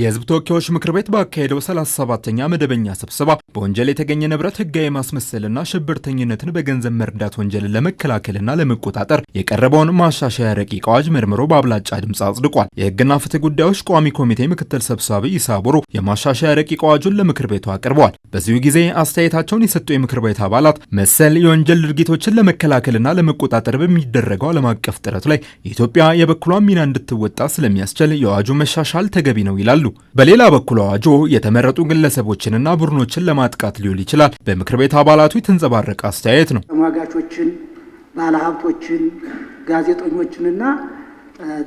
የህዝብ ተወካዮች ምክር ቤት ባካሄደው 37ኛ መደበኛ ስብሰባ በወንጀል የተገኘ ንብረት ህጋዊ ማስመሰልና ሽብርተኝነትን በገንዘብ መርዳት ወንጀልን ለመከላከልና ለመቆጣጠር የቀረበውን ማሻሻያ ረቂቅ አዋጅ መርምሮ በአብላጫ ድምፅ አጽድቋል። የህግና ፍትህ ጉዳዮች ቋሚ ኮሚቴ ምክትል ሰብሳቢ ይሳቡሩ የማሻሻያ ረቂቅ አዋጁን ለምክር ቤቱ አቅርበዋል። በዚሁ ጊዜ አስተያየታቸውን የሰጡ የምክር ቤት አባላት መሰል የወንጀል ድርጊቶችን ለመከላከልና ለመቆጣጠር በሚደረገው ዓለም አቀፍ ጥረት ላይ ኢትዮጵያ የበኩሏን ሚና እንድትወጣ ስለሚያስችል የአዋጁ መሻሻል ተገቢ ነው ይላል። ይችላሉ። በሌላ በኩል አዋጆ የተመረጡ ግለሰቦችንና ቡድኖችን ለማጥቃት ሊውል ይችላል። በምክር ቤት አባላቱ የተንጸባረቀ አስተያየት ነው። ተሟጋቾችን፣ ባለሀብቶችን፣ ጋዜጠኞችንና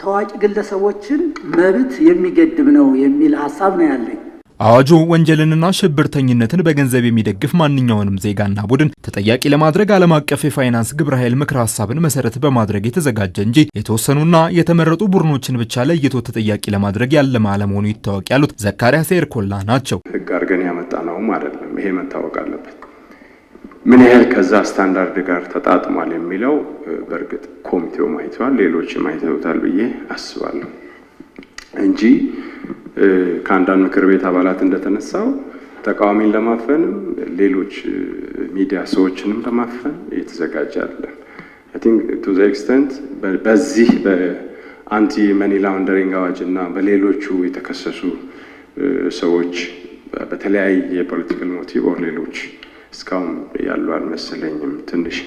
ታዋቂ ግለሰቦችን መብት የሚገድብ ነው የሚል ሀሳብ ነው ያለኝ። አዋጁ ወንጀልንና ሽብርተኝነትን በገንዘብ የሚደግፍ ማንኛውንም ዜጋና ቡድን ተጠያቂ ለማድረግ ዓለም አቀፍ የፋይናንስ ግብረ ኃይል ምክረ ሀሳብን መሰረት በማድረግ የተዘጋጀ እንጂ የተወሰኑና የተመረጡ ቡድኖችን ብቻ ለይቶ ተጠያቂ ለማድረግ ያለመ አለመሆኑ ይታወቅ ያሉት ዘካሪያስ ሴርኮላ ናቸው። ህግ አድርገን ያመጣ ነውም አይደለም። ይሄ መታወቅ አለበት። ምን ያህል ከዛ ስታንዳርድ ጋር ተጣጥሟል የሚለው በእርግጥ ኮሚቴው ማይተዋል፣ ሌሎችም አይተውታል ብዬ አስባለሁ እንጂ ከአንዳንድ ምክር ቤት አባላት እንደተነሳው ተቃዋሚን ለማፈንም ሌሎች ሚዲያ ሰዎችንም ለማፈን እየተዘጋጀ አለ። አይ ቲንክ ቱ ዘ ኤክስተንት በዚህ በአንቲ መኒ ላውንደሪንግ አዋጅ እና በሌሎቹ የተከሰሱ ሰዎች በተለያየ የፖለቲካል ሞቲቭ ኦር ሌሎች እስካሁን ያሉ አልመሰለኝም ትንሽ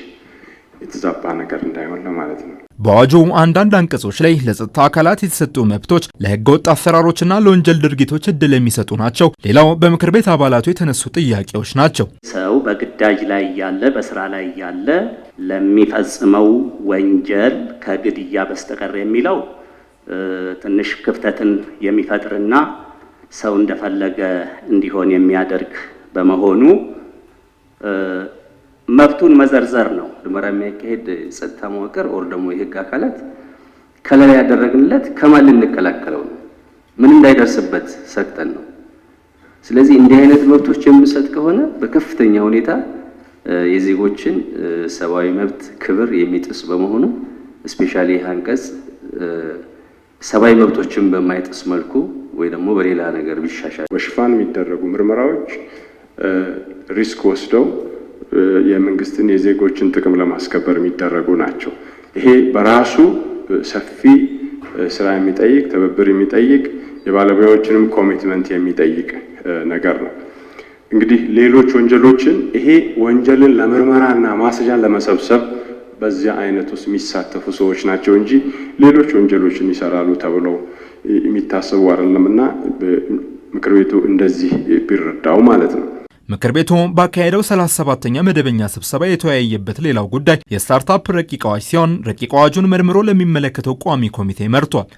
የተዛባ ነገር እንዳይሆን ለማለት ነው። በአዋጁ አንዳንድ አንቀጾች ላይ ለጸጥታ አካላት የተሰጡ መብቶች ለህገ ወጥ አሰራሮችና ለወንጀል ድርጊቶች እድል የሚሰጡ ናቸው። ሌላው በምክር ቤት አባላቱ የተነሱ ጥያቄዎች ናቸው። ሰው በግዳጅ ላይ እያለ በስራ ላይ እያለ ለሚፈጽመው ወንጀል ከግድያ በስተቀር የሚለው ትንሽ ክፍተትን የሚፈጥርና ሰው እንደፈለገ እንዲሆን የሚያደርግ በመሆኑ መብቱን መዘርዘር ነው። ምርመራ የሚያካሄድ ጸጥታ መዋቅር ኦር ደግሞ የህግ አካላት ከላይ ያደረግንለት ከማን ልንከላከለው ነው? ምን እንዳይደርስበት ሰግጠን ነው። ስለዚህ እንዲህ አይነት መብቶች የምሰጥ ከሆነ በከፍተኛ ሁኔታ የዜጎችን ሰብአዊ መብት ክብር የሚጥስ በመሆኑ ስፔሻሊ ይህ አንቀጽ ሰብአዊ መብቶችን በማይጥስ መልኩ ወይ ደግሞ በሌላ ነገር ቢሻሻል በሽፋን የሚደረጉ ምርመራዎች ሪስክ ወስደው የመንግስትን የዜጎችን ጥቅም ለማስከበር የሚደረጉ ናቸው። ይሄ በራሱ ሰፊ ስራ የሚጠይቅ ትብብር የሚጠይቅ የባለሙያዎችንም ኮሚትመንት የሚጠይቅ ነገር ነው። እንግዲህ ሌሎች ወንጀሎችን ይሄ ወንጀልን ለምርመራና ማስረጃን ለመሰብሰብ በዚያ አይነት ውስጥ የሚሳተፉ ሰዎች ናቸው እንጂ ሌሎች ወንጀሎችን ይሰራሉ ተብለው የሚታሰቡ አይደለም እና ምክር ቤቱ እንደዚህ ቢረዳው ማለት ነው። ምክር ቤቱ ባካሄደው 37ኛ መደበኛ ስብሰባ የተወያየበት ሌላው ጉዳይ የስታርታፕ ረቂቅ አዋጅ ሲሆን ረቂቅ አዋጁን መርምሮ ለሚመለከተው ቋሚ ኮሚቴ መርቷል።